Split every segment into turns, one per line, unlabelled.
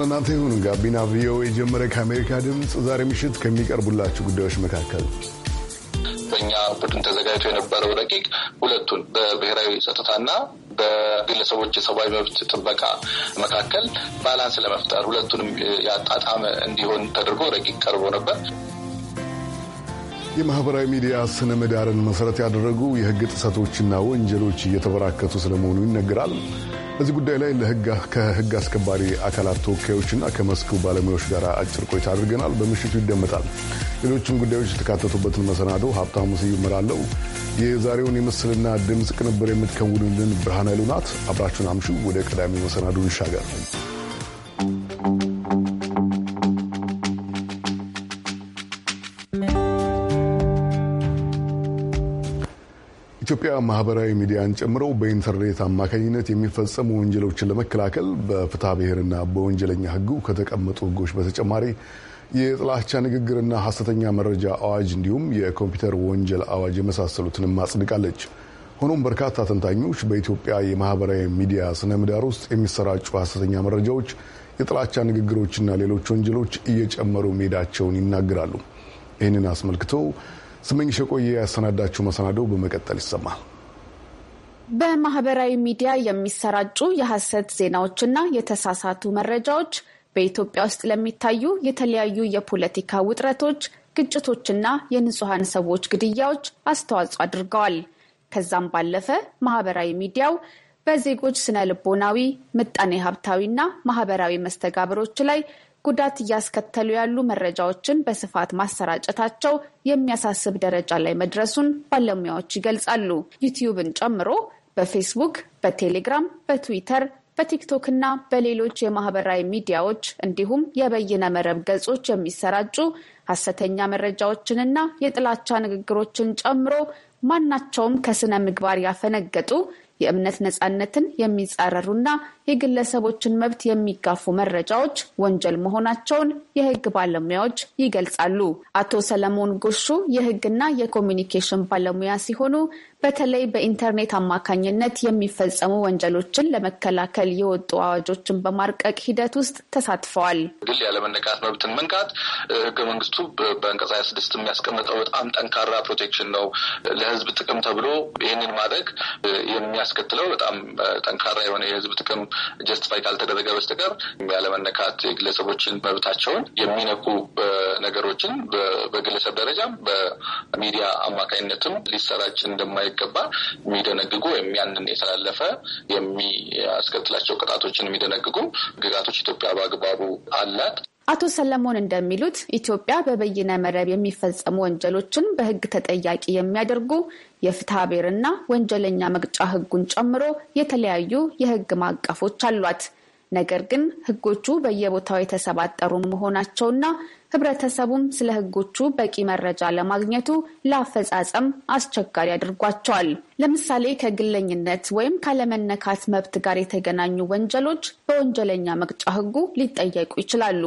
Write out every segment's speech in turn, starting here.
ለእናንተ ይሁን። ጋቢና ቪኦኤ የጀመረ ከአሜሪካ ድምፅ ዛሬ ምሽት ከሚቀርቡላችሁ ጉዳዮች መካከል
በእኛ ቡድን ተዘጋጅቶ የነበረው ረቂቅ ሁለቱን በብሔራዊ ጸጥታና በግለሰቦች የሰብአዊ መብት ጥበቃ መካከል ባላንስ ለመፍጠር ሁለቱንም ያጣጣመ እንዲሆን ተደርጎ ረቂቅ ቀርቦ ነበር።
የማህበራዊ ሚዲያ ስነ ምህዳርን መሰረት ያደረጉ የህግ ጥሰቶችና ወንጀሎች እየተበራከቱ ስለመሆኑ ይነገራል። በዚህ ጉዳይ ላይ ከህግ አስከባሪ አካላት ተወካዮችና ከመስኩ ባለሙያዎች ጋር አጭር ቆይታ አድርገናል። በምሽቱ ይደመጣል። ሌሎችም ጉዳዮች የተካተቱበትን መሰናዶ ሀብታሙ ስይመራለው። የዛሬውን የምስልና ድምፅ ቅንብር የምትከውንልን ብርሃን ኃይሉ ናት። አብራችሁን አምሹ። ወደ ቀዳሚ መሰናዶ ይሻገር። የኢትዮጵያ ማህበራዊ ሚዲያን ጨምሮ በኢንተርኔት አማካኝነት የሚፈጸሙ ወንጀሎችን ለመከላከል በፍትሐ ብሔርና በወንጀለኛ ሕጉ ከተቀመጡ ሕጎች በተጨማሪ የጥላቻ ንግግርና ሐሰተኛ መረጃ አዋጅ እንዲሁም የኮምፒውተር ወንጀል አዋጅ የመሳሰሉትንም አጽድቃለች። ሆኖም በርካታ ተንታኞች በኢትዮጵያ የማህበራዊ ሚዲያ ስነ ምህዳር ውስጥ የሚሰራጩ ሐሰተኛ መረጃዎች፣ የጥላቻ ንግግሮችና ሌሎች ወንጀሎች እየጨመሩ መሄዳቸውን ይናገራሉ። ይህንን አስመልክቶ ስመኝሽ የቆየ ያሰናዳችሁ መሰናደው በመቀጠል ይሰማል።
በማህበራዊ ሚዲያ የሚሰራጩ የሐሰት ዜናዎችና የተሳሳቱ መረጃዎች በኢትዮጵያ ውስጥ ለሚታዩ የተለያዩ የፖለቲካ ውጥረቶች፣ ግጭቶችና የንጹሐን ሰዎች ግድያዎች አስተዋጽኦ አድርገዋል። ከዛም ባለፈ ማህበራዊ ሚዲያው በዜጎች ስነ ልቦናዊ፣ ምጣኔ ሀብታዊና ማህበራዊ መስተጋብሮች ላይ ጉዳት እያስከተሉ ያሉ መረጃዎችን በስፋት ማሰራጨታቸው የሚያሳስብ ደረጃ ላይ መድረሱን ባለሙያዎች ይገልጻሉ። ዩቲዩብን ጨምሮ በፌስቡክ፣ በቴሌግራም፣ በትዊተር በቲክቶክ እና በሌሎች የማህበራዊ ሚዲያዎች እንዲሁም የበይነ መረብ ገጾች የሚሰራጩ ሀሰተኛ መረጃዎችንና የጥላቻ ንግግሮችን ጨምሮ ማናቸውም ከስነ ምግባር ያፈነገጡ የእምነት ነጻነትን የሚጻረሩና የግለሰቦችን መብት የሚጋፉ መረጃዎች ወንጀል መሆናቸውን የህግ ባለሙያዎች ይገልጻሉ። አቶ ሰለሞን ጎሹ የህግና የኮሚኒኬሽን ባለሙያ ሲሆኑ በተለይ በኢንተርኔት አማካኝነት የሚፈጸሙ ወንጀሎችን ለመከላከል የወጡ አዋጆችን በማርቀቅ ሂደት ውስጥ ተሳትፈዋል።
ግል ያለመነካት መብትን መንካት ህገ መንግስቱ በአንቀጽ ሃያ ስድስት የሚያስቀምጠው በጣም ጠንካራ ፕሮቴክሽን ነው። ለህዝብ ጥቅም ተብሎ ይህንን ማድረግ የሚያስከትለው በጣም ጠንካራ የሆነ የህዝብ ጥቅም ጀስቲፋይ ካልተደረገ በስተቀር ያለመነካት የግለሰቦችን መብታቸውን የሚነኩ ነገሮችን በግለሰብ ደረጃም በሚዲያ አማካኝነትም ሊሰራጭ እንደማይ ሳይገባ የሚደነግጉ ወይም ያንን የተላለፈ የሚያስከትላቸው ቅጣቶችን የሚደነግጉ ግጋቶች ኢትዮጵያ በአግባቡ አላት።
አቶ ሰለሞን እንደሚሉት ኢትዮጵያ በበይነ መረብ የሚፈጸሙ ወንጀሎችን በሕግ ተጠያቂ የሚያደርጉ የፍትሐ ብሔርና ወንጀለኛ መቅጫ ሕጉን ጨምሮ የተለያዩ የሕግ ማዕቀፎች አሏት። ነገር ግን ህጎቹ በየቦታው የተሰባጠሩ መሆናቸውና ህብረተሰቡም ስለ ህጎቹ በቂ መረጃ ለማግኘቱ ለአፈጻጸም አስቸጋሪ አድርጓቸዋል። ለምሳሌ ከግለኝነት ወይም ካለመነካት መብት ጋር የተገናኙ ወንጀሎች በወንጀለኛ መቅጫ ህጉ ሊጠየቁ ይችላሉ።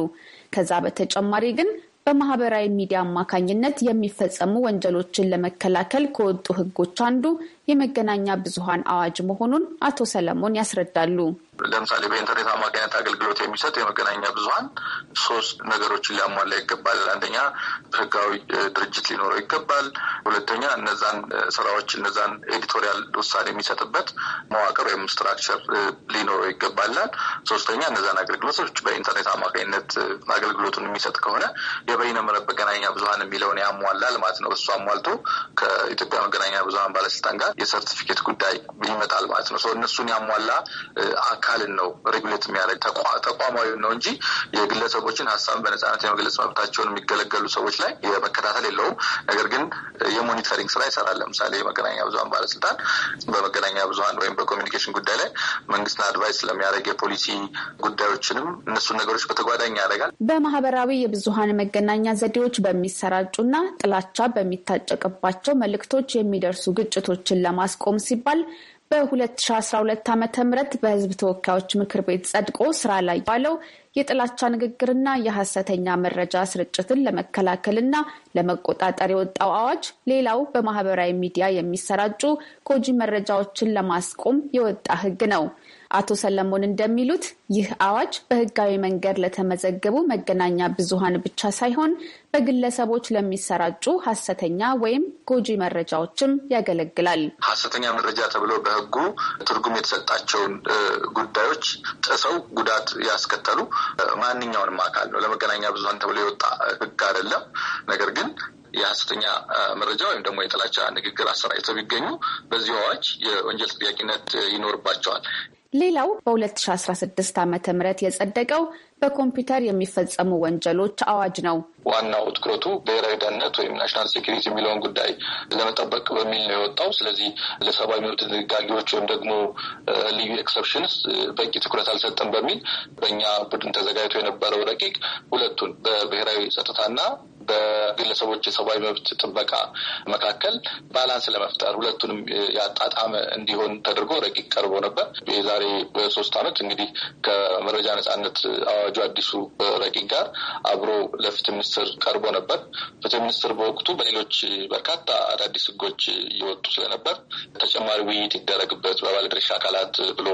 ከዛ በተጨማሪ ግን በማህበራዊ ሚዲያ አማካኝነት የሚፈጸሙ ወንጀሎችን ለመከላከል ከወጡ ህጎች አንዱ የመገናኛ ብዙሃን አዋጅ መሆኑን አቶ ሰለሞን ያስረዳሉ።
ለምሳሌ በኢንተርኔት አማካኝነት አገልግሎት የሚሰጥ የመገናኛ ብዙኃን ሶስት ነገሮችን ሊያሟላ ይገባል። አንደኛ ህጋዊ ድርጅት ሊኖረው ይገባል። ሁለተኛ እነዛን ስራዎች እነዛን ኤዲቶሪያል ውሳኔ የሚሰጥበት መዋቅር ወይም ስትራክቸር ሊኖረው ይገባላል። ሶስተኛ እነዛን አገልግሎቶች በኢንተርኔት አማካኝነት አገልግሎቱን የሚሰጥ ከሆነ የበይነ መረብ መገናኛ ብዙኃን የሚለውን ያሟላል ማለት ነው። እሱ አሟልቶ ከኢትዮጵያ መገናኛ ብዙኃን ባለስልጣን ጋር የሰርቲፊኬት ጉዳይ ይመጣል ማለት ነው። እነሱን ያሟላ አካልን ነው ሬጉሌት የሚያደርግ ተቋማዊ ነው እንጂ የግለሰቦችን ሀሳብ በነጻነት የመግለጽ መብታቸውን የሚገለገሉ ሰዎች ላይ የመከታተል የለውም። ነገር ግን የሞኒተሪንግ ስራ ይሰራል። ለምሳሌ የመገናኛ ብዙሀን ባለስልጣን በመገናኛ ብዙሀን ወይም በኮሚኒኬሽን ጉዳይ ላይ መንግስትን አድቫይስ ስለሚያደርግ የፖሊሲ ጉዳዮችንም እነሱን ነገሮች በተጓዳኝ
ያደርጋል። በማህበራዊ የብዙሀን መገናኛ ዘዴዎች በሚሰራጩና ጥላቻ በሚታጨቅባቸው መልእክቶች የሚደርሱ ግጭቶችን ለማስቆም ሲባል በ2012 ዓ ም በህዝብ ተወካዮች ምክር ቤት ጸድቆ ስራ ላይ ባለው የጥላቻ ንግግርና የሐሰተኛ መረጃ ስርጭትን ለመከላከልና ለመቆጣጠር የወጣው አዋጅ ሌላው በማህበራዊ ሚዲያ የሚሰራጩ ጎጂ መረጃዎችን ለማስቆም የወጣ ህግ ነው። አቶ ሰለሞን እንደሚሉት ይህ አዋጅ በህጋዊ መንገድ ለተመዘገቡ መገናኛ ብዙሃን ብቻ ሳይሆን በግለሰቦች ለሚሰራጩ ሀሰተኛ ወይም ጎጂ መረጃዎችም ያገለግላል።
ሀሰተኛ መረጃ ተብሎ በህጉ ትርጉም የተሰጣቸውን ጉዳዮች ጥሰው ጉዳት ያስከተሉ ማንኛውንም አካል ነው። ለመገናኛ ብዙሃን ተብሎ የወጣ ህግ አይደለም። ነገር ግን የሀሰተኛ መረጃ ወይም ደግሞ የጥላቻ ንግግር አሰራጭተው ቢገኙ በዚህ አዋጅ የወንጀል ተጠያቂነት ይኖርባቸዋል።
ሌላው በ2016 ዓ ም የጸደቀው በኮምፒውተር የሚፈጸሙ ወንጀሎች አዋጅ ነው።
ዋናው ትኩረቱ ብሔራዊ ደህንነት ወይም ናሽናል ሴኪሪቲ የሚለውን ጉዳይ ለመጠበቅ በሚል ነው የወጣው። ስለዚህ ለሰብአዊ መብት ድንጋጌዎች ወይም ደግሞ ልዩ ኤክሰፕሽንስ በቂ ትኩረት አልሰጠም በሚል በእኛ ቡድን ተዘጋጅቶ የነበረው ረቂቅ ሁለቱን በብሔራዊ ጸጥታና በግለሰቦች የሰብአዊ መብት ጥበቃ መካከል ባላንስ ለመፍጠር ሁለቱንም ያጣጣመ እንዲሆን ተደርጎ ረቂቅ ቀርቦ ነበር። የዛሬ ሶስት ዓመት እንግዲህ ከመረጃ ነጻነት አዋጁ አዲሱ ረቂቅ ጋር አብሮ ለፍትህ ሚኒስትር ቀርቦ ነበር። ፍትህ ሚኒስትር በወቅቱ በሌሎች በርካታ አዳዲስ ህጎች እየወጡ ስለነበር ተጨማሪ ውይይት ይደረግበት በባለድርሻ አካላት ብሎ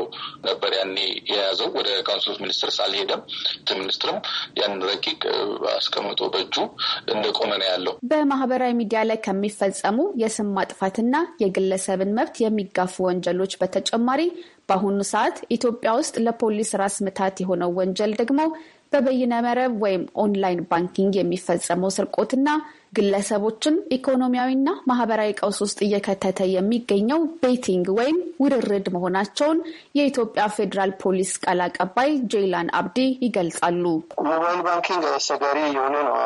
ነበር ያኔ የያዘው። ወደ ካውንስሎች ሚኒስትር ሳልሄደም ፍትህ ሚኒስትርም ያን ረቂቅ አስቀምጦ በእጁ እንደቆመ ነው ያለው።
በማህበራዊ ሚዲያ ላይ ከሚፈጸሙ የስም ማጥፋትና የግለሰብን መብት የሚጋፉ ወንጀሎች በተጨማሪ በአሁኑ ሰዓት ኢትዮጵያ ውስጥ ለፖሊስ ራስ ምታት የሆነው ወንጀል ደግሞ በበይነ መረብ ወይም ኦንላይን ባንኪንግ የሚፈጸመው ስርቆትና ግለሰቦችን ኢኮኖሚያዊና ማህበራዊ ቀውስ ውስጥ እየከተተ የሚገኘው ቤቲንግ ወይም ውርርድ መሆናቸውን የኢትዮጵያ ፌዴራል ፖሊስ ቃል አቀባይ ጄይላን አብዲ ይገልጻሉ። ሞባይል
ባንኪንግ አስቸጋሪ የሆነ ነው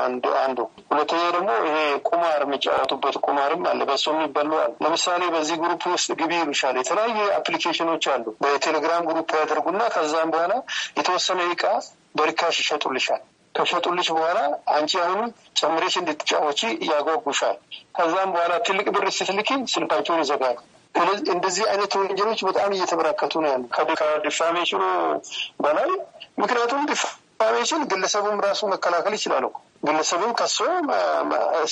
አንዱ። ሁለተኛ ደግሞ ይሄ ቁማር የሚጫወቱበት ቁማርም አለ፣ በሱ የሚበሉ ለምሳሌ በዚህ ግሩፕ ውስጥ ግቢ ይሉሻል። የተለያዩ አፕሊኬሽኖች አሉ። በቴሌግራም ግሩፕ ያደርጉና ከዛም በኋላ የተወሰነ እቃ በርካሽ ይሸጡልሻል። ከሸጡልሽ በኋላ አንቺ አሁን ጨምሬሽ እንድትጫወቺ ያጓጉሻል። ከዛም በኋላ ትልቅ ብር ስትልኪ ስልካቸውን ይዘጋሉ። እንደዚህ አይነት ወንጀሎች በጣም እየተበራከቱ ነው ያሉ ከዲፋሜሽኑ በላይ ምክንያቱም ባይችል ግለሰቡም ራሱ መከላከል ይችላል። ግለሰቡም ከሶ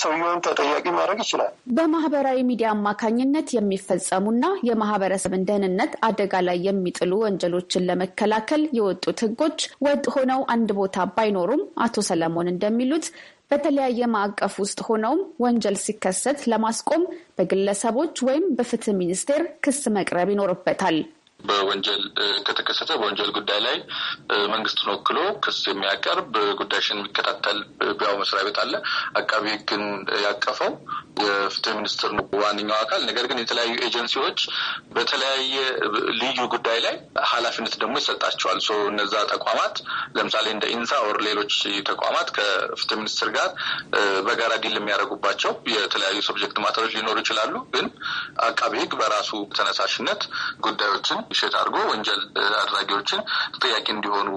ሰውየውን ተጠያቂ ማድረግ ይችላል።
በማህበራዊ ሚዲያ አማካኝነት የሚፈጸሙና የማህበረሰብን ደህንነት አደጋ ላይ የሚጥሉ ወንጀሎችን ለመከላከል የወጡት ህጎች ወጥ ሆነው አንድ ቦታ ባይኖሩም አቶ ሰለሞን እንደሚሉት በተለያየ ማዕቀፍ ውስጥ ሆነውም ወንጀል ሲከሰት ለማስቆም በግለሰቦች ወይም በፍትህ ሚኒስቴር ክስ መቅረብ ይኖርበታል።
በወንጀል ከተከሰተ በወንጀል ጉዳይ ላይ መንግስትን ወክሎ ክስ የሚያቀርብ ጉዳይሽን የሚከታተል ቢያው መስሪያ ቤት አለ። አቃቢ ህግን ያቀፈው የፍትህ ሚኒስትር ዋነኛው አካል። ነገር ግን የተለያዩ ኤጀንሲዎች በተለያየ ልዩ ጉዳይ ላይ ኃላፊነት ደግሞ ይሰጣቸዋል። እነዛ ተቋማት ለምሳሌ እንደ ኢንሳ ወር ሌሎች ተቋማት ከፍትህ ሚኒስትር ጋር በጋራ ዲል የሚያደርጉባቸው የተለያዩ ሰብጀክት ማተሮች ሊኖሩ ይችላሉ። ግን አቃቢ ህግ በራሱ ተነሳሽነት ጉዳዮችን ሸት አድርጎ ወንጀል አድራጊዎችን ተጠያቂ እንዲሆኑ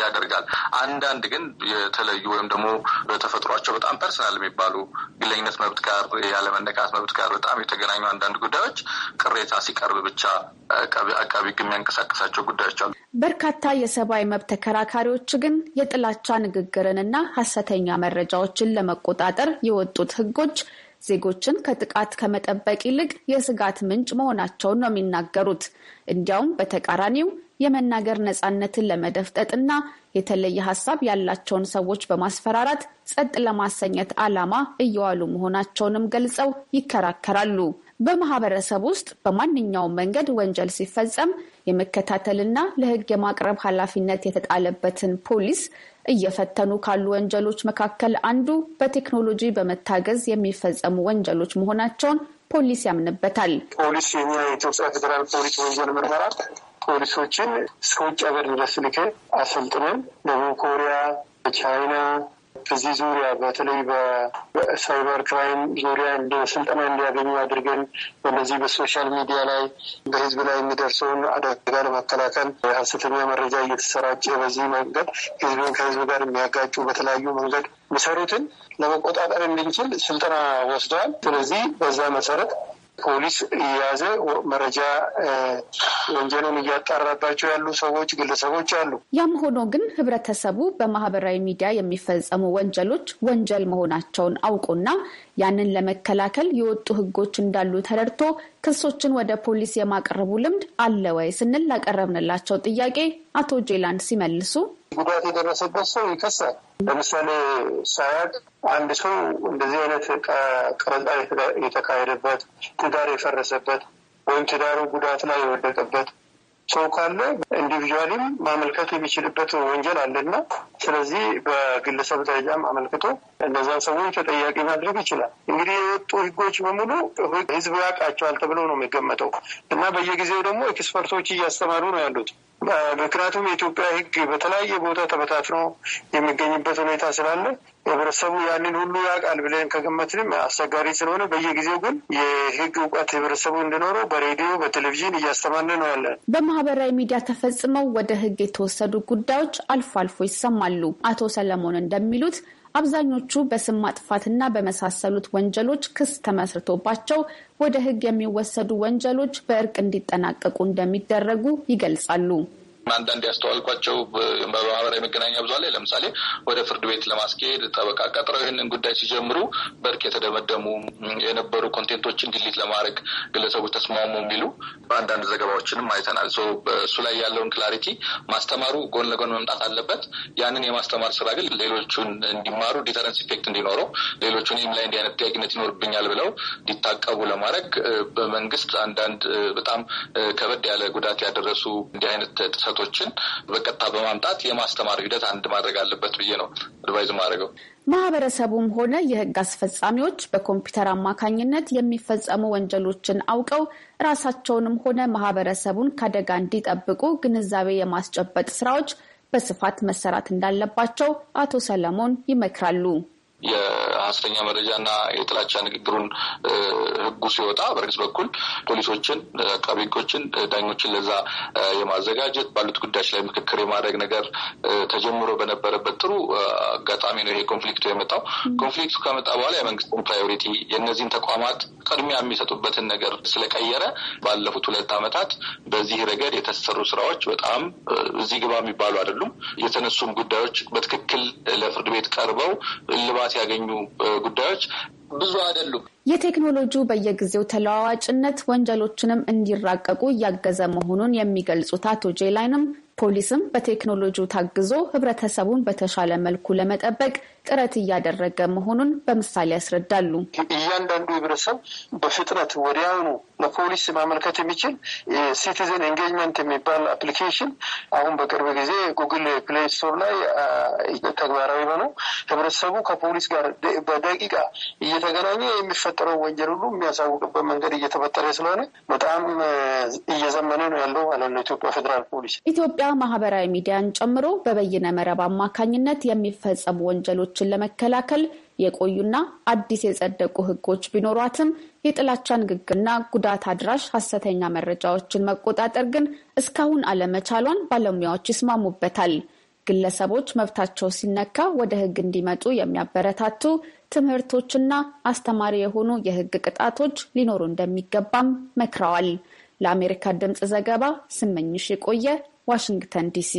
ያደርጋል። አንዳንድ ግን የተለዩ ወይም ደግሞ በተፈጥሯቸው በጣም ፐርሰናል የሚባሉ ግለኝነት መብት ጋር ያለመነካት መብት ጋር በጣም የተገናኙ አንዳንድ ጉዳዮች ቅሬታ ሲቀርብ ብቻ አቃቢ ሕግ የሚያንቀሳቀሳቸው ጉዳዮች አሉ።
በርካታ የሰብአዊ መብት ተከራካሪዎች ግን የጥላቻ ንግግርንና ሀሰተኛ መረጃዎችን ለመቆጣጠር የወጡት ሕጎች ዜጎችን ከጥቃት ከመጠበቅ ይልቅ የስጋት ምንጭ መሆናቸውን ነው የሚናገሩት። እንዲያውም በተቃራኒው የመናገር ነፃነትን ለመደፍጠጥና የተለየ ሀሳብ ያላቸውን ሰዎች በማስፈራራት ጸጥ ለማሰኘት ዓላማ እየዋሉ መሆናቸውንም ገልጸው ይከራከራሉ። በማህበረሰብ ውስጥ በማንኛውም መንገድ ወንጀል ሲፈጸም የመከታተልና ለሕግ የማቅረብ ኃላፊነት የተጣለበትን ፖሊስ እየፈተኑ ካሉ ወንጀሎች መካከል አንዱ በቴክኖሎጂ በመታገዝ የሚፈጸሙ ወንጀሎች መሆናቸውን ፖሊስ ያምንበታል።
ፖሊስ የኛ የኢትዮጵያ ፌዴራል ፖሊስ ወንጀል ምርመራ ፖሊሶችን እስከ ውጭ ሀገር ድረስ ልከን አሰልጥነን ደቡብ ኮሪያ፣ ቻይና በዚህ ዙሪያ በተለይ በሳይበር ክራይም ዙሪያ ስልጠና እንዲያገኙ አድርገን በነዚህ በሶሻል ሚዲያ ላይ በህዝብ ላይ የሚደርሰውን አደጋ ለመከላከል ሀሰተኛ መረጃ እየተሰራጨ በዚህ መንገድ ህዝብን ከህዝብ ጋር የሚያጋጩ በተለያዩ መንገድ የሚሰሩትን ለመቆጣጠር እንድንችል ስልጠና ወስደዋል። ስለዚህ በዛ መሰረት ፖሊስ የያዘ መረጃ ወንጀልን እያጣራባቸው ያሉ ሰዎች፣ ግለሰቦች አሉ።
ያም ሆኖ ግን ህብረተሰቡ በማህበራዊ ሚዲያ የሚፈጸሙ ወንጀሎች ወንጀል መሆናቸውን አውቁና ያንን ለመከላከል የወጡ ህጎች እንዳሉ ተረድቶ ክሶችን ወደ ፖሊስ የማቀረቡ ልምድ አለ ወይ ስንል ላቀረብንላቸው ጥያቄ አቶ ጄላንድ ሲመልሱ
ጉዳት የደረሰበት ሰው ይከሳል። ለምሳሌ ሳያቅ አንድ ሰው እንደዚህ አይነት ቀረጻ የተካሄደበት ትዳር የፈረሰበት ወይም ትዳሩ ጉዳት ላይ የወደቀበት ሰው ካለ ኢንዲቪዥዋሊም ማመልከት የሚችልበት ወንጀል አለና ስለዚህ በግለሰብ ደረጃም አመልክቶ እነዛን ሰዎች ተጠያቂ ማድረግ ይችላል። እንግዲህ የወጡ ህጎች በሙሉ ህዝብ ያውቃቸዋል ተብሎ ነው የሚገመጠው እና በየጊዜው ደግሞ ኤክስፐርቶች እያስተማሩ ነው ያሉት። ምክንያቱም የኢትዮጵያ ሕግ በተለያየ ቦታ ተበታትኖ የሚገኝበት ሁኔታ ስላለ ህብረተሰቡ ያንን ሁሉ ያውቃል ብለን ከገመትንም አስቸጋሪ ስለሆነ በየጊዜው ግን የህግ እውቀት ህብረተሰቡ እንዲኖረው በሬዲዮ በቴሌቪዥን እያስተማነ ነው ያለን።
በማህበራዊ ሚዲያ ተፈጽመው ወደ ህግ የተወሰዱ ጉዳዮች አልፎ አልፎ ይሰማሉ። አቶ ሰለሞን እንደሚሉት አብዛኞቹ በስም ማጥፋትና በመሳሰሉት ወንጀሎች ክስ ተመስርቶባቸው ወደ ሕግ የሚወሰዱ ወንጀሎች በእርቅ እንዲጠናቀቁ እንደሚደረጉ ይገልጻሉ።
አንዳንድ ያስተዋልኳቸው በማህበራዊ መገናኛ ብዙ ላይ ለምሳሌ ወደ ፍርድ ቤት ለማስኬድ ጠበቃ ቀጥረው ይህንን ጉዳይ ሲጀምሩ በእርቅ የተደመደሙ የነበሩ ኮንቴንቶችን ዲሊት ለማድረግ ግለሰቦች ተስማሙ የሚሉ አንዳንድ ዘገባዎችንም አይተናል። እሱ ላይ ያለውን ክላሪቲ ማስተማሩ ጎን ለጎን መምጣት አለበት። ያንን የማስተማር ስራ ግን ሌሎቹን እንዲማሩ ዲተረንስ ኢፌክት እንዲኖረው ሌሎቹን እኔም ላይ እንዲህ አይነት ጥያቄነት ይኖርብኛል ብለው እንዲታቀቡ ለማድረግ በመንግስት አንዳንድ በጣም ከበድ ያለ ጉዳት ያደረሱ እንዲህ አይነት እውቀቶችን በቀጥታ በማምጣት የማስተማር ሂደት አንድ ማድረግ አለበት ብዬ ነው አድቫይዝ ማድረገው።
ማህበረሰቡም ሆነ የህግ አስፈጻሚዎች በኮምፒውተር አማካኝነት የሚፈጸሙ ወንጀሎችን አውቀው ራሳቸውንም ሆነ ማህበረሰቡን ከአደጋ እንዲጠብቁ ግንዛቤ የማስጨበጥ ስራዎች በስፋት መሰራት እንዳለባቸው አቶ ሰለሞን ይመክራሉ።
የሀሰተኛ መረጃና የጥላቻ ንግግሩን ህጉ ሲወጣ በርግስ በኩል ፖሊሶችን፣ አቃቤ ህጎችን፣ ዳኞችን ለዛ የማዘጋጀት ባሉት ጉዳዮች ላይ ምክክር የማድረግ ነገር ተጀምሮ በነበረበት ጥሩ አጋጣሚ ነው ይሄ ኮንፍሊክቱ የመጣው። ኮንፍሊክቱ ከመጣ በኋላ የመንግስትን ፕራዮሪቲ የእነዚህን ተቋማት ቅድሚያ የሚሰጡበትን ነገር ስለቀየረ ባለፉት ሁለት ዓመታት በዚህ ረገድ የተሰሩ ስራዎች በጣም እዚህ ግባ የሚባሉ አይደሉም። የተነሱም ጉዳዮች በትክክል ለፍርድ ቤት ቀርበው እልባት እልባት ያገኙ ጉዳዮች ብዙ አይደሉም።
የቴክኖሎጂው በየጊዜው ተለዋዋጭነት ወንጀሎችንም እንዲራቀቁ እያገዘ መሆኑን የሚገልጹት አቶ ጄላይንም ፖሊስም በቴክኖሎጂው ታግዞ ህብረተሰቡን በተሻለ መልኩ ለመጠበቅ ጥረት እያደረገ መሆኑን በምሳሌ ያስረዳሉ።
እያንዳንዱ ህብረተሰብ በፍጥነት ወዲያውኑ ለፖሊስ ማመልከት የሚችል ሲቲዘን ኤንጌጅመንት የሚባል አፕሊኬሽን አሁን በቅርብ ጊዜ ጉግል ፕሌይ ስቶር ላይ ተግባራዊ ሆነው ህብረተሰቡ ከፖሊስ ጋር በደቂቃ እየተገናኘ የሚፈጠረው ወንጀል ሁሉ የሚያሳውቅበት መንገድ እየተፈጠረ ስለሆነ በጣም እየዘመነ ነው ያለው ማለት ነው ኢትዮጵያ ፌዴራል ፖሊስ።
ኢትዮጵያ ማህበራዊ ሚዲያን ጨምሮ በበይነ መረብ አማካኝነት የሚፈጸሙ ወንጀሎች ጥቃቶችን ለመከላከል የቆዩና አዲስ የጸደቁ ህጎች ቢኖሯትም የጥላቻ ንግግርና ጉዳት አድራሽ ሀሰተኛ መረጃዎችን መቆጣጠር ግን እስካሁን አለመቻሏን ባለሙያዎች ይስማሙበታል። ግለሰቦች መብታቸው ሲነካ ወደ ህግ እንዲመጡ የሚያበረታቱ ትምህርቶችና አስተማሪ የሆኑ የህግ ቅጣቶች ሊኖሩ እንደሚገባም መክረዋል። ለአሜሪካ ድምፅ ዘገባ ስመኝሽ የቆየ ዋሽንግተን ዲሲ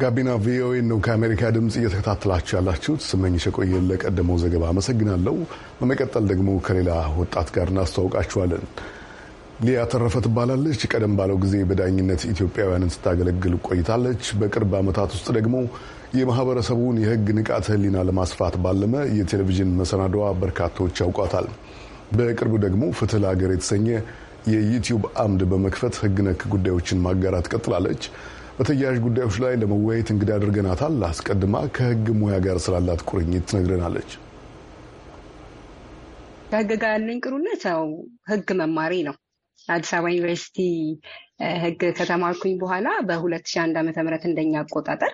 ጋቢና ቪኦኤ ነው ከአሜሪካ ድምፅ እየተከታተላችሁ ያላችሁት። ስመኝሽ የቆየን ለቀደመው ዘገባ አመሰግናለሁ። በመቀጠል ደግሞ ከሌላ ወጣት ጋር እናስተዋውቃችኋለን። ሊያ ተረፈ ትባላለች። ቀደም ባለው ጊዜ በዳኝነት ኢትዮጵያውያንን ስታገለግል ቆይታለች። በቅርብ ዓመታት ውስጥ ደግሞ የማህበረሰቡን የህግ ንቃተ ህሊና ለማስፋት ባለመ የቴሌቪዥን መሰናዷ በርካቶች ያውቋታል። በቅርቡ ደግሞ ፍትህ ለሀገር የተሰኘ የዩቲዩብ አምድ በመክፈት ህግ ነክ ጉዳዮችን ማጋራት ቀጥላለች። በተያያዥ ጉዳዮች ላይ ለመወያየት እንግዳ አድርገናታል። አስቀድማ ከህግ ሙያ ጋር ስላላት ቁርኝት ትነግረናለች።
ከህግ ጋር ያለኝ ቅሩነት ያው ህግ መማሪ ነው። አዲስ አበባ ዩኒቨርሲቲ ህግ ከተማርኩኝ በኋላ በ2001 ም እንደኛ አቆጣጠር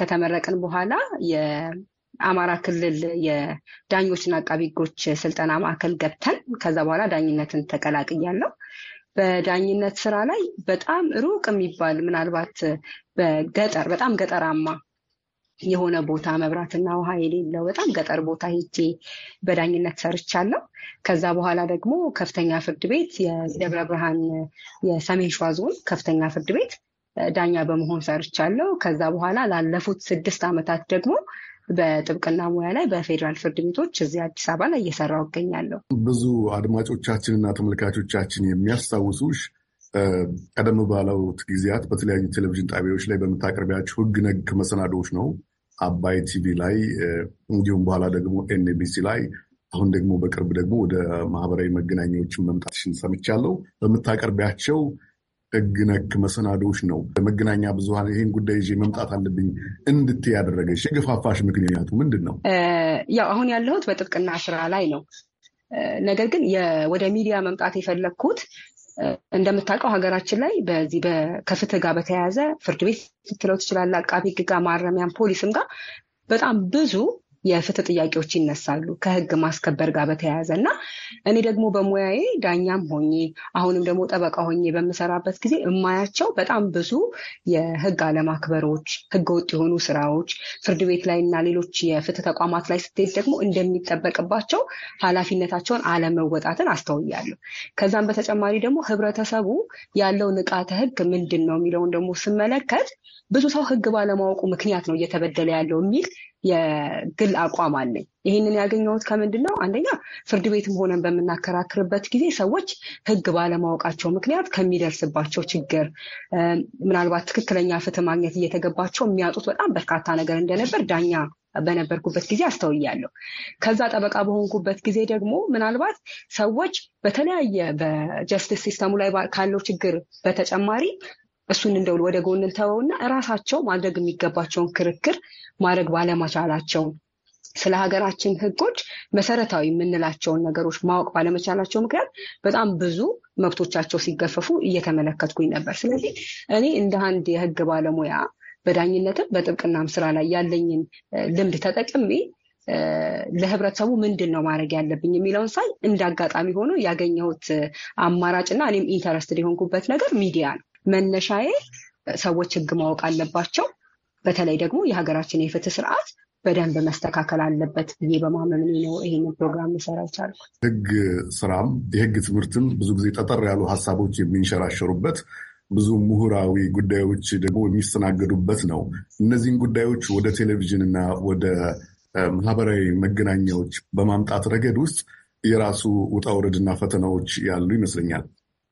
ከተመረቅን በኋላ የአማራ ክልል የዳኞችና አቃቢ ህጎች ስልጠና ማዕከል ገብተን ከዛ በኋላ ዳኝነትን ተቀላቅያለሁ። በዳኝነት ስራ ላይ በጣም ሩቅ የሚባል ምናልባት በገጠር በጣም ገጠራማ የሆነ ቦታ መብራትና ውሃ የሌለው በጣም ገጠር ቦታ ሄጄ በዳኝነት ሰርቻለሁ። ከዛ በኋላ ደግሞ ከፍተኛ ፍርድ ቤት የደብረ ብርሃን የሰሜን ሸዋ ዞን ከፍተኛ ፍርድ ቤት ዳኛ በመሆን ሰርቻለሁ። ከዛ በኋላ ላለፉት ስድስት ዓመታት ደግሞ በጥብቅና ሙያ ላይ በፌዴራል ፍርድ ቤቶች እዚህ አዲስ አበባ ላይ እየሰራው እገኛለሁ።
ብዙ አድማጮቻችንና ተመልካቾቻችን የሚያስታውሱሽ ቀደም ባሉት ጊዜያት በተለያዩ ቴሌቪዥን ጣቢያዎች ላይ በምታቀርቢያቸው ህግ ነክ መሰናዶዎች ነው። አባይ ቲቪ ላይ እንዲሁም በኋላ ደግሞ ኤንቢሲ ላይ አሁን ደግሞ በቅርብ ደግሞ ወደ ማህበራዊ መገናኛዎችን መምጣትሽን ሰምቻለሁ። በምታቀርቢያቸው ህግ ነክ መሰናዶዎች ነው መገናኛ ብዙኃን ይህን ጉዳይ ይዤ መምጣት አለብኝ እንድት ያደረገች የገፋፋሽ ምክንያቱ ምንድን ነው?
ያው አሁን ያለሁት በጥብቅና ስራ ላይ ነው። ነገር ግን ወደ ሚዲያ መምጣት የፈለግኩት እንደምታውቀው ሀገራችን ላይ በዚህ ከፍትህ ጋር በተያያዘ ፍርድ ቤት ልትለው ትችላለህ፣ አቃቢ ሕግ ጋር፣ ማረሚያም ፖሊስም ጋር በጣም ብዙ የፍትህ ጥያቄዎች ይነሳሉ ከህግ ማስከበር ጋር በተያያዘ እና እኔ ደግሞ በሙያዬ ዳኛም ሆኜ አሁንም ደግሞ ጠበቃ ሆኜ በምሰራበት ጊዜ እማያቸው በጣም ብዙ የህግ አለማክበሮች፣ ህገወጥ የሆኑ ስራዎች ፍርድ ቤት ላይ እና ሌሎች የፍትህ ተቋማት ላይ ስትሄድ ደግሞ እንደሚጠበቅባቸው ኃላፊነታቸውን አለመወጣትን አስተውያለሁ። ከዛም በተጨማሪ ደግሞ ህብረተሰቡ ያለው ንቃተ ህግ ምንድን ነው የሚለውን ደግሞ ስመለከት ብዙ ሰው ህግ ባለማወቁ ምክንያት ነው እየተበደለ ያለው የሚል የግል አቋም አለኝ። ይህንን ያገኘሁት ከምንድን ነው? አንደኛ ፍርድ ቤትም ሆነን በምናከራክርበት ጊዜ ሰዎች ሕግ ባለማወቃቸው ምክንያት ከሚደርስባቸው ችግር ምናልባት ትክክለኛ ፍትህ ማግኘት እየተገባቸው የሚያጡት በጣም በርካታ ነገር እንደነበር ዳኛ በነበርኩበት ጊዜ አስተውያለሁ። ከዛ ጠበቃ በሆንኩበት ጊዜ ደግሞ ምናልባት ሰዎች በተለያየ በጀስቲስ ሲስተሙ ላይ ካለው ችግር በተጨማሪ እሱን እንደው ወደ ጎን እንተወውና እራሳቸው ማድረግ የሚገባቸውን ክርክር ማድረግ ባለመቻላቸው ስለ ሀገራችን ህጎች መሰረታዊ የምንላቸውን ነገሮች ማወቅ ባለመቻላቸው ምክንያት በጣም ብዙ መብቶቻቸው ሲገፈፉ እየተመለከትኩኝ ነበር። ስለዚህ እኔ እንደ አንድ የህግ ባለሙያ በዳኝነትም በጥብቅናም ስራ ላይ ያለኝን ልምድ ተጠቅሜ ለህብረተሰቡ ምንድን ነው ማድረግ ያለብኝ የሚለውን ሳይ እንደ አጋጣሚ ሆኖ ያገኘሁት አማራጭና እኔም ኢንተረስት የሆንኩበት ነገር ሚዲያ ነው። መነሻዬ ሰዎች ህግ ማወቅ አለባቸው፣ በተለይ ደግሞ የሀገራችን የፍትህ ስርዓት በደንብ መስተካከል አለበት ብዬ በማመምኔ ነው ይህንን ፕሮግራም ልሰራ ይቻላል።
ህግ ስራም የህግ ትምህርትም ብዙ ጊዜ ጠጠር ያሉ ሀሳቦች የሚንሸራሸሩበት ብዙ ምሁራዊ ጉዳዮች ደግሞ የሚስተናገዱበት ነው። እነዚህን ጉዳዮች ወደ ቴሌቪዥን እና ወደ ማህበራዊ መገናኛዎች በማምጣት ረገድ ውስጥ የራሱ ውጣ ውረድና ፈተናዎች ያሉ ይመስለኛል።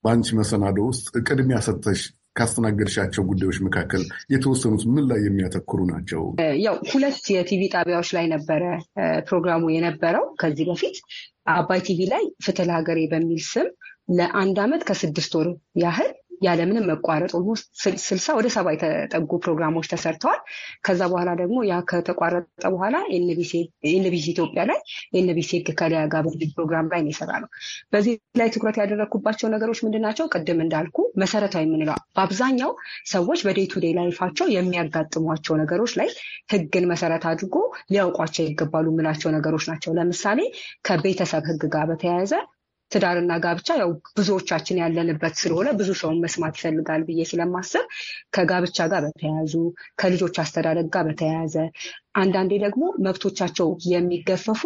በአንቺ መሰናዶ ውስጥ ቅድሚያ ሰጥተሽ ካስተናገድሻቸው ጉዳዮች መካከል የተወሰኑት ምን ላይ የሚያተኩሩ ናቸው?
ያው ሁለት የቲቪ ጣቢያዎች ላይ ነበረ ፕሮግራሙ የነበረው ከዚህ በፊት አባይ ቲቪ ላይ ፍትህ ለሀገሬ በሚል ስም ለአንድ ዓመት ከስድስት ወር ያህል ያለምንም መቋረጥ ኦልሞስት ስልሳ ወደ ሰባ የተጠጉ ፕሮግራሞች ተሰርተዋል። ከዛ በኋላ ደግሞ ያ ከተቋረጠ በኋላ ኤንቢሲ ኢትዮጵያ ላይ ኤንቢሲ ህግ ከሊያ ጋር በዚህ ፕሮግራም ላይ የሰራ ነው። በዚህ ላይ ትኩረት ያደረግኩባቸው ነገሮች ምንድን ናቸው? ቅድም እንዳልኩ መሰረታዊ የምንለው በአብዛኛው ሰዎች በዴይ ቱ ዴይ ላይፋቸው የሚያጋጥሟቸው ነገሮች ላይ ህግን መሰረት አድርጎ ሊያውቋቸው ይገባሉ የምላቸው ነገሮች ናቸው። ለምሳሌ ከቤተሰብ ህግ ጋር በተያያዘ ትዳርና ጋብቻ ያው ብዙዎቻችን ያለንበት ስለሆነ ብዙ ሰውን መስማት ይፈልጋል ብዬ ስለማስብ ከጋብቻ ጋር በተያያዙ ከልጆች አስተዳደግ ጋር በተያያዘ አንዳንዴ ደግሞ መብቶቻቸው የሚገፈፉ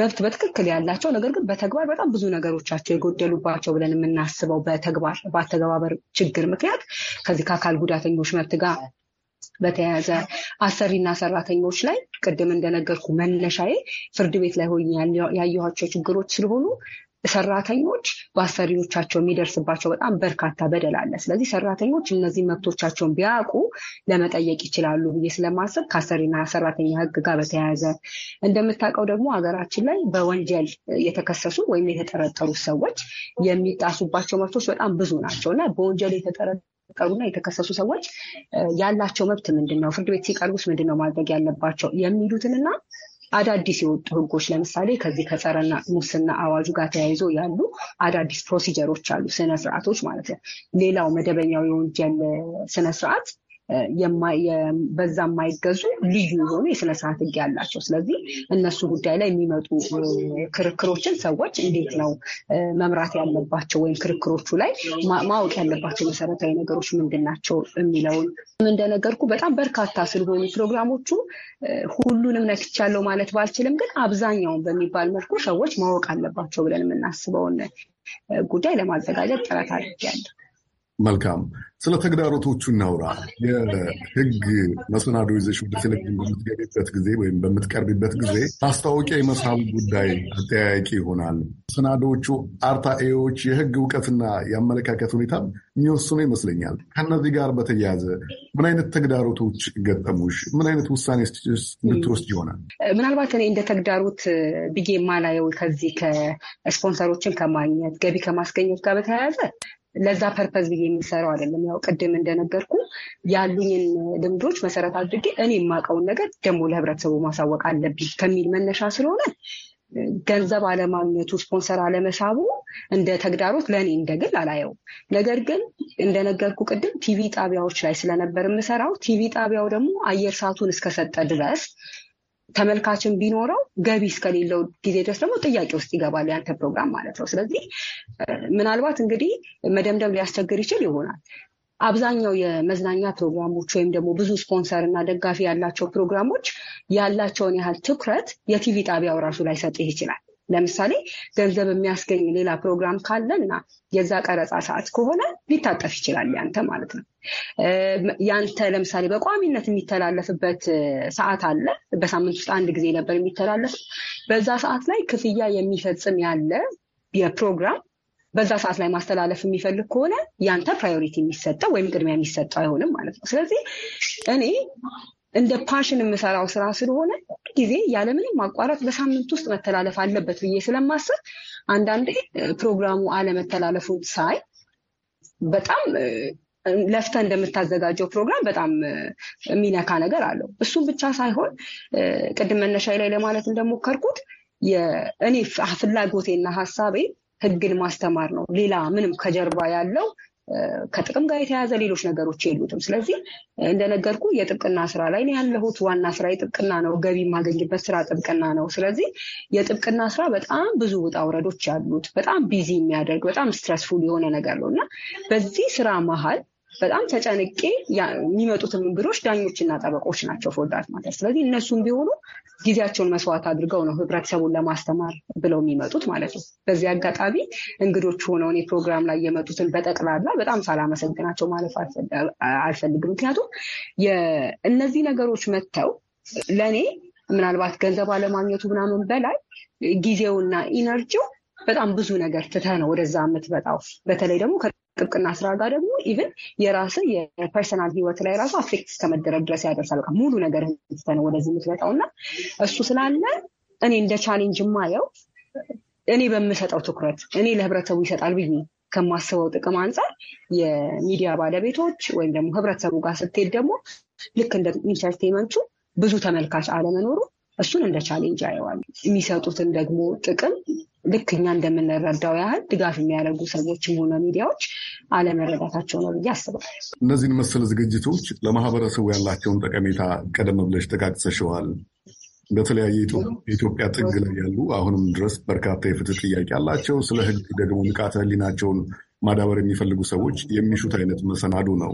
መብት በትክክል ያላቸው ነገር ግን በተግባር በጣም ብዙ ነገሮቻቸው የጎደሉባቸው ብለን የምናስበው በተግባር በአተገባበር ችግር ምክንያት ከዚህ ከአካል ጉዳተኞች መብት ጋር በተያያዘ አሰሪና ሰራተኞች ላይ ቅድም እንደነገርኩ መነሻዬ ፍርድ ቤት ላይ ሆኜ ያየኋቸው ችግሮች ስለሆኑ ሰራተኞች በአሰሪዎቻቸው የሚደርስባቸው በጣም በርካታ በደል አለ። ስለዚህ ሰራተኞች እነዚህ መብቶቻቸውን ቢያውቁ ለመጠየቅ ይችላሉ ብዬ ስለማሰብ ከአሰሪና ሰራተኛ ሕግ ጋር በተያያዘ እንደምታውቀው ደግሞ ሀገራችን ላይ በወንጀል የተከሰሱ ወይም የተጠረጠሩ ሰዎች የሚጣሱባቸው መብቶች በጣም ብዙ ናቸው እና በወንጀል የተጠረ ቀሩና የተከሰሱ ሰዎች ያላቸው መብት ምንድን ነው? ፍርድ ቤት ሲቀርቡስ ምንድን ነው ማድረግ ያለባቸው? የሚሉትንና አዳዲስ የወጡ ህጎች ለምሳሌ ከዚህ ከጸረና ሙስና አዋጁ ጋር ተያይዞ ያሉ አዳዲስ ፕሮሲጀሮች አሉ፣ ስነስርዓቶች ማለት ነው። ሌላው መደበኛው የወንጀል ስነስርዓት በዛ የማይገዙ ልዩ የሆኑ የስነ ስርዓት ህግ ያላቸው። ስለዚህ እነሱ ጉዳይ ላይ የሚመጡ ክርክሮችን ሰዎች እንዴት ነው መምራት ያለባቸው ወይም ክርክሮቹ ላይ ማወቅ ያለባቸው መሰረታዊ ነገሮች ምንድን ናቸው የሚለውን እንደነገርኩ በጣም በርካታ ስለሆኑ ፕሮግራሞቹ ሁሉንም ነክቻለሁ ማለት ባልችልም፣ ግን አብዛኛውን በሚባል መልኩ ሰዎች ማወቅ አለባቸው ብለን የምናስበውን ጉዳይ ለማዘጋጀት ጥረት አድርጌያለሁ።
መልካም ስለ ተግዳሮቶቹ እናውራ። የህግ መሰናዶ ይዘሽ ወደ ቴሌቪዥን በምትገቢበት ጊዜ ወይም በምትቀርቢበት ጊዜ ማስታወቂያ የመሳሉ ጉዳይ አጠያያቂ ይሆናል። መሰናዶዎቹ አርታኤዎች የህግ እውቀትና የአመለካከት ሁኔታ የሚወስኑ ይመስለኛል። ከእነዚህ ጋር በተያያዘ ምን አይነት ተግዳሮቶች ገጠሙሽ? ምን አይነት ውሳኔ እንድትወስድ ይሆናል?
ምናልባት እኔ እንደ ተግዳሮት ብዬ ማላየው ከዚህ ከስፖንሰሮችን ከማግኘት ገቢ ከማስገኘት ጋር በተያያዘ ለዛ ፐርፐዝ ብዬ የሚሰራው አይደለም። ያው ቅድም እንደነገርኩ ያሉኝን ልምዶች መሰረት አድርጌ እኔ የማውቀውን ነገር ደግሞ ለህብረተሰቡ ማሳወቅ አለብኝ ከሚል መነሻ ስለሆነ ገንዘብ አለማግኘቱ ስፖንሰር አለመሳቡ እንደ ተግዳሮት ለእኔ እንደግል አላየው ነገር ግን እንደነገርኩ ቅድም ቲቪ ጣቢያዎች ላይ ስለነበር የምሰራው ቲቪ ጣቢያው ደግሞ አየር ሰዓቱን እስከሰጠ ድረስ ተመልካችን ቢኖረው ገቢ እስከሌለው ጊዜ ድረስ ደግሞ ጥያቄ ውስጥ ይገባል ያንተ ፕሮግራም ማለት ነው። ስለዚህ ምናልባት እንግዲህ መደምደም ሊያስቸግር ይችል ይሆናል። አብዛኛው የመዝናኛ ፕሮግራሞች ወይም ደግሞ ብዙ ስፖንሰር እና ደጋፊ ያላቸው ፕሮግራሞች ያላቸውን ያህል ትኩረት የቲቪ ጣቢያው ራሱ ላይ ሰጥህ ይችላል። ለምሳሌ ገንዘብ የሚያስገኝ ሌላ ፕሮግራም ካለ እና የዛ ቀረፃ ሰዓት ከሆነ ሊታጠፍ ይችላል ያንተ ማለት ነው። ያንተ ለምሳሌ በቋሚነት የሚተላለፍበት ሰዓት አለ። በሳምንት ውስጥ አንድ ጊዜ ነበር የሚተላለፍ። በዛ ሰዓት ላይ ክፍያ የሚፈጽም ያለ የፕሮግራም በዛ ሰዓት ላይ ማስተላለፍ የሚፈልግ ከሆነ ያንተ ፕራዮሪቲ የሚሰጠው ወይም ቅድሚያ የሚሰጠው አይሆንም ማለት ነው። ስለዚህ እኔ እንደ ፓሽን የምሰራው ስራ ስለሆነ ጊዜ ያለምንም ማቋረጥ በሳምንት ውስጥ መተላለፍ አለበት ብዬ ስለማስብ አንዳንዴ ፕሮግራሙ አለመተላለፉን ሳይ በጣም ለፍተ እንደምታዘጋጀው ፕሮግራም በጣም የሚነካ ነገር አለው። እሱም ብቻ ሳይሆን ቅድም መነሻ ላይ ለማለት እንደሞከርኩት እኔ ፍላጎቴና ሀሳቤ ህግን ማስተማር ነው። ሌላ ምንም ከጀርባ ያለው ከጥቅም ጋር የተያዘ ሌሎች ነገሮች የሉትም። ስለዚህ እንደነገርኩ የጥብቅና ስራ ላይ ነው ያለሁት። ዋና ስራ የጥብቅና ነው። ገቢ የማገኝበት ስራ ጥብቅና ነው። ስለዚህ የጥብቅና ስራ በጣም ብዙ ውጣ ውረዶች ያሉት፣ በጣም ቢዚ የሚያደርግ በጣም ስትረስፉል የሆነ ነገር ነው እና በዚህ ስራ መሀል በጣም ተጨንቄ የሚመጡትም እንግዶች ዳኞችና ጠበቆች ናቸው ፎልድ ማተር። ስለዚህ እነሱም ቢሆኑ ጊዜያቸውን መስዋዕት አድርገው ነው ህብረተሰቡን ለማስተማር ብለው የሚመጡት ማለት ነው። በዚህ አጋጣሚ እንግዶች ሆነው የፕሮግራም ላይ የመጡትን በጠቅላላ በጣም ሳላመሰግናቸው ማለፍ አልፈልግም። ምክንያቱም እነዚህ ነገሮች መጥተው ለእኔ ምናልባት ገንዘብ አለማግኘቱ ምናምን በላይ ጊዜውና ኢነርጂው በጣም ብዙ ነገር ትተህ ነው ወደዛ የምትመጣው። በተለይ ደግሞ ጥብቅና ስራ ጋር ደግሞ ኢቨን የራስ የፐርሰናል ህይወት ላይ ራሱ አፌክት እስከመደረግ ድረስ ያደርሳል። ሙሉ ነገር ነው ወደዚህ የምትመጣው እና እሱ ስላለ እኔ እንደ ቻሌንጅ ማየው እኔ በምሰጠው ትኩረት እኔ ለህብረተሰቡ ይሰጣል ብዬ ከማስበው ጥቅም አንጻር የሚዲያ ባለቤቶች ወይም ደግሞ ህብረተሰቡ ጋር ስትሄድ ደግሞ ልክ እንደ ኢንተርቴንመንቱ ብዙ ተመልካች አለመኖሩ እሱን እንደ ቻሌንጅ አየዋል። የሚሰጡትን ደግሞ ጥቅም ልክ እኛ እንደምንረዳው ያህል ድጋፍ የሚያደርጉ ሰዎችም ሆነ ሚዲያዎች አለመረዳታቸው ነው ብዬ አስባለሁ።
እነዚህን መሰል ዝግጅቶች ለማህበረሰቡ ያላቸውን ጠቀሜታ ቀደም ብለሽ ጠቃቅሰሸዋል። በተለያየ የኢትዮጵያ ጥግ ላይ ያሉ አሁንም ድረስ በርካታ የፍትህ ጥያቄ አላቸው ስለ ህግ ደግሞ ንቃተ ህሊናቸውን ማዳበር የሚፈልጉ ሰዎች የሚሹት አይነት መሰናዱ ነው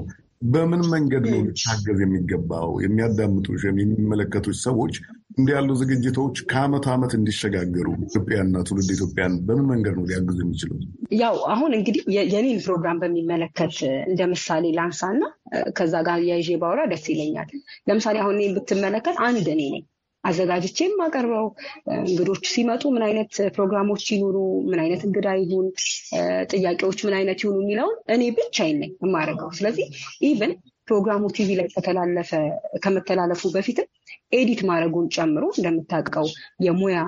በምን መንገድ ነው ልታገዝ የሚገባው? የሚያዳምጡሽ የሚመለከቱች ሰዎች እንዲህ ያሉ ዝግጅቶች ከአመት ዓመት እንዲሸጋገሩ ኢትዮጵያና ትውልድ ኢትዮጵያን በምን መንገድ ነው ሊያግዙ የሚችሉት?
ያው አሁን እንግዲህ የኔን ፕሮግራም በሚመለከት እንደ ምሳሌ ላንሳና ከዛ ጋር የይዤ ባውራ ደስ ይለኛል። ለምሳሌ አሁን ብትመለከት አንድ እኔ ነኝ አዘጋጅቼ የማቀርበው እንግዶች ሲመጡ ምን አይነት ፕሮግራሞች ይኑሩ፣ ምን አይነት እንግዳ ይሁን፣ ጥያቄዎች ምን አይነት ይሁኑ የሚለውን እኔ ብቻዬን ነኝ የማደርገው። ስለዚህ ኢቨን ፕሮግራሙ ቲቪ ላይ ከተላለፈ ከመተላለፉ በፊትም ኤዲት ማድረጉን ጨምሮ እንደምታውቀው የሙያ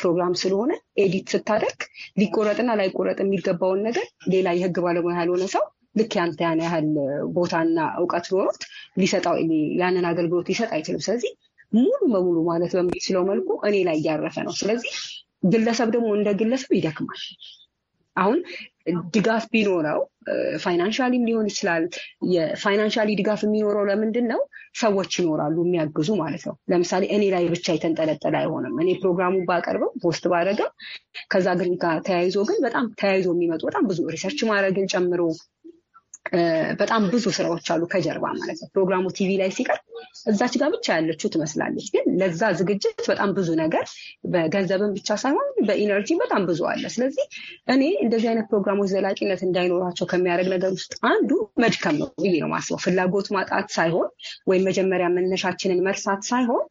ፕሮግራም ስለሆነ ኤዲት ስታደርግ ሊቆረጥና ላይቆረጥ የሚገባውን ነገር ሌላ የህግ ባለሙያ ያልሆነ ሰው ልክ ያንተ ያን ያህል ቦታና እውቀት ኖሮት ሊሰጣው ያንን አገልግሎት ሊሰጥ አይችልም። ስለዚህ ሙሉ በሙሉ ማለት በሚችለው መልኩ እኔ ላይ እያረፈ ነው። ስለዚህ ግለሰብ ደግሞ እንደ ግለሰብ ይደክማል። አሁን ድጋፍ ቢኖረው ፋይናንሻሊም ሊሆን ይችላል። የፋይናንሻሊ ድጋፍ የሚኖረው ለምንድን ነው? ሰዎች ይኖራሉ የሚያግዙ ማለት ነው። ለምሳሌ እኔ ላይ ብቻ የተንጠለጠለ አይሆንም። እኔ ፕሮግራሙን ባቀርበው ፖስት ባደረገም ከዛ ግን ጋር ተያይዞ ግን በጣም ተያይዞ የሚመጡ በጣም ብዙ ሪሰርች ማድረግን ጨምሮ በጣም ብዙ ስራዎች አሉ ከጀርባ ማለት ነው። ፕሮግራሙ ቲቪ ላይ ሲቀር እዛች ጋር ብቻ ያለችው ትመስላለች፣ ግን ለዛ ዝግጅት በጣም ብዙ ነገር በገንዘብን ብቻ ሳይሆን በኢነርጂ በጣም ብዙ አለ። ስለዚህ እኔ እንደዚህ አይነት ፕሮግራሞች ዘላቂነት እንዳይኖራቸው ከሚያደርግ ነገር ውስጥ አንዱ መድከም ነው ብዬ ነው ማስበው። ፍላጎት ማጣት ሳይሆን ወይም መጀመሪያ መነሻችንን መርሳት ሳይሆን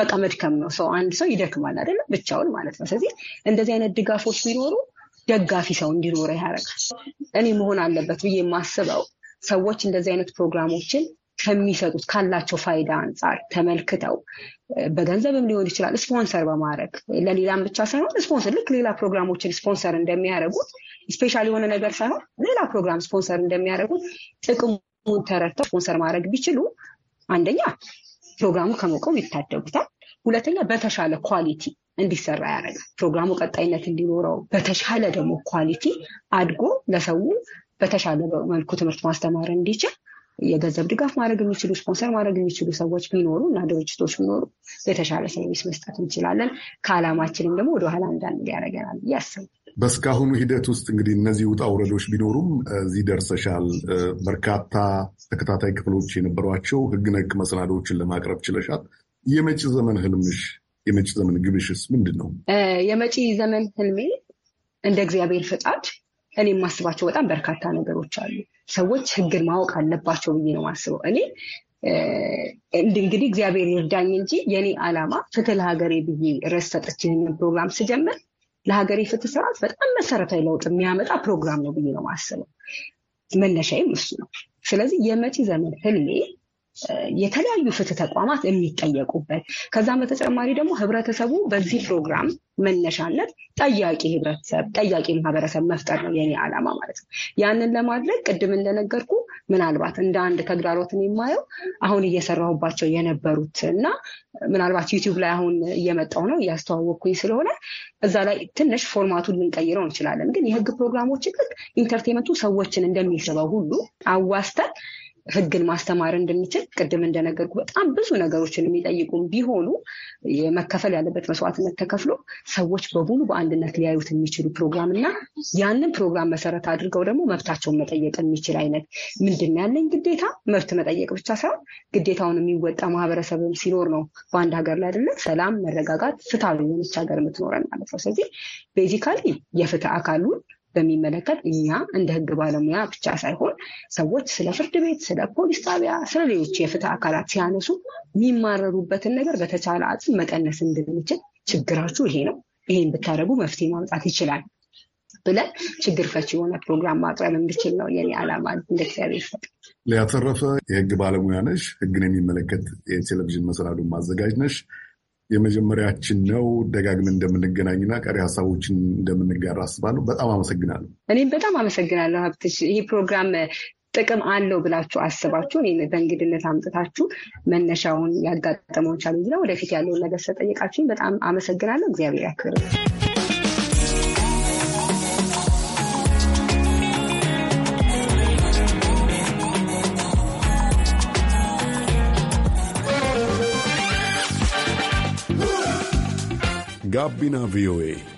በቃ መድከም ነው። ሰው አንድ ሰው ይደክማል አይደለም ብቻውን ማለት ነው። ስለዚህ እንደዚህ አይነት ድጋፎች ቢኖሩ ደጋፊ ሰው እንዲኖረ ያደርጋል። እኔ መሆን አለበት ብዬ የማስበው ሰዎች እንደዚህ አይነት ፕሮግራሞችን ከሚሰጡት ካላቸው ፋይዳ አንጻር ተመልክተው በገንዘብም ሊሆን ይችላል ስፖንሰር በማድረግ ለሌላም ብቻ ሳይሆን ስፖንሰር ልክ ሌላ ፕሮግራሞችን ስፖንሰር እንደሚያደርጉት ስፔሻል የሆነ ነገር ሳይሆን ሌላ ፕሮግራም ስፖንሰር እንደሚያደርጉት ጥቅሙን ተረድተው ስፖንሰር ማድረግ ቢችሉ አንደኛ ፕሮግራሙ ከመቆም ይታደጉታል። ሁለተኛ በተሻለ ኳሊቲ እንዲሰራ ያደርጋል። ፕሮግራሙ ቀጣይነት እንዲኖረው በተሻለ ደግሞ ኳሊቲ አድጎ ለሰው በተሻለ መልኩ ትምህርት ማስተማር እንዲችል የገንዘብ ድጋፍ ማድረግ የሚችሉ ስፖንሰር ማድረግ የሚችሉ ሰዎች ቢኖሩ እና ድርጅቶች ቢኖሩ የተሻለ ሰርቪስ መስጠት እንችላለን። ከዓላማችንም ደግሞ ወደኋላ እንዳንል ያደርገናል ብዬ
በእስካሁኑ ሂደት ውስጥ እንግዲህ እነዚህ ውጣ ውረዶች ቢኖሩም እዚህ ደርሰሻል። በርካታ ተከታታይ ክፍሎች የነበሯቸው ህግ ነክ መሰናዶዎችን ለማቅረብ ችለሻል። የመጪ ዘመን ህልምሽ የመጪ ዘመን ግብሽስ
ምንድን ነው? የመጪ ዘመን ህልሜ እንደ እግዚአብሔር ፍቃድ እኔ የማስባቸው በጣም በርካታ ነገሮች አሉ። ሰዎች ህግን ማወቅ አለባቸው ብዬ ነው የማስበው። እኔ እንግዲህ እግዚአብሔር ይርዳኝ እንጂ የኔ አላማ ፍትህ ለሀገሬ ብዬ ርዕስ ሰጥቼ ፕሮግራም ስጀምር ለሀገሬ ፍትህ ስርዓት በጣም መሰረታዊ ለውጥ የሚያመጣ ፕሮግራም ነው ብዬ ነው የማስበው። መነሻዬም እሱ ነው። ስለዚህ የመጪ ዘመን ህልሜ የተለያዩ ፍትህ ተቋማት የሚጠየቁበት ከዛም በተጨማሪ ደግሞ ህብረተሰቡ በዚህ ፕሮግራም መነሻነት ጠያቂ ህብረተሰብ ጠያቂ ማህበረሰብ መፍጠር ነው የኔ ዓላማ ማለት ነው። ያንን ለማድረግ ቅድም እንደነገርኩ ምናልባት እንደ አንድ ተግዳሮትን የማየው አሁን እየሰራሁባቸው የነበሩት እና ምናልባት ዩቲዩብ ላይ አሁን እየመጣው ነው እያስተዋወቅኩኝ ስለሆነ እዛ ላይ ትንሽ ፎርማቱን ልንቀይረው እንችላለን። ግን የህግ ፕሮግራሞችን ልክ ኢንተርቴንመንቱ ሰዎችን እንደሚስበው ሁሉ አዋስተን ህግን ማስተማር እንድንችል ቅድም እንደነገርኩ በጣም ብዙ ነገሮችን የሚጠይቁም ቢሆኑ መከፈል ያለበት መስዋዕትነት ተከፍሎ ሰዎች በሙሉ በአንድነት ሊያዩት የሚችሉ ፕሮግራም እና ያንን ፕሮግራም መሰረት አድርገው ደግሞ መብታቸውን መጠየቅ የሚችል አይነት ምንድን ያለኝ ግዴታ መብት መጠየቅ ብቻ ሳይሆን ግዴታውን የሚወጣ ማህበረሰብም ሲኖር ነው በአንድ ሀገር ላይ አይደለም ሰላም፣ መረጋጋት፣ ፍትሃዊ የሆነች ሀገር የምትኖረን ማለት ነው። ስለዚህ ቤዚካሊ የፍትህ አካሉን በሚመለከት እኛ እንደ ህግ ባለሙያ ብቻ ሳይሆን ሰዎች ስለ ፍርድ ቤት፣ ስለ ፖሊስ ጣቢያ፣ ስለ ሌሎች የፍትህ አካላት ሲያነሱ የሚማረሩበትን ነገር በተቻለ አጽም መቀነስ እንድንችል ችግራችሁ ይሄ ነው፣ ይሄን ብታደረጉ መፍትሄ ማምጣት ይችላል ብለን ችግር ፈች የሆነ ፕሮግራም ማቅረብ እንድችል ነው የኔ ዓላማ። እንደ እግዚአብሔር
ሊያተረፈ የህግ ባለሙያ ነሽ። ህግን የሚመለከት የቴሌቪዥን መሰናዶ ማዘጋጅ ነሽ። የመጀመሪያችን ነው። ደጋግመን እንደምንገናኝና ቀሪ ሀሳቦችን እንደምንጋራ አስባለሁ። በጣም አመሰግናለሁ።
እኔም በጣም አመሰግናለሁ ሀብትሽ። ይህ ፕሮግራም ጥቅም አለው ብላችሁ አስባችሁ በእንግድነት አምጥታችሁ መነሻውን ያጋጠመውን ቻሌንጅ ወደፊት ያለውን ነገር ስለጠየቃችሁኝ በጣም አመሰግናለሁ። እግዚአብሔር ያክብርልን።
ጋቢና ቪኦኤ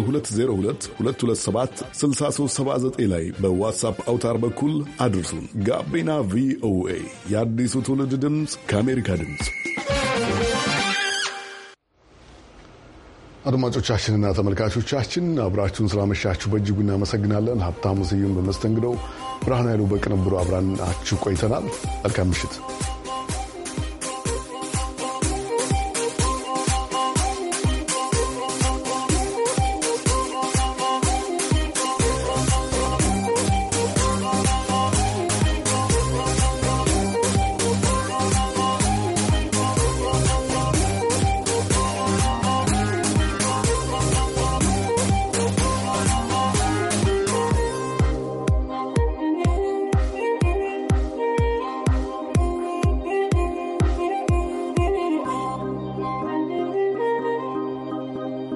2022276379 ላይ በዋትሳፕ አውታር በኩል አድርሱን። ጋቢና ቪኦኤ የአዲሱ ትውልድ ድምፅ ከአሜሪካ ድምፅ አድማጮቻችንና ተመልካቾቻችን አብራችሁን ስላመሻችሁ በእጅጉ እናመሰግናለን። ሀብታሙ ስዩም በመስተንግደው ብርሃን ኃይሉ በቅንብሩ አብራናችሁ ቆይተናል። መልካም ምሽት።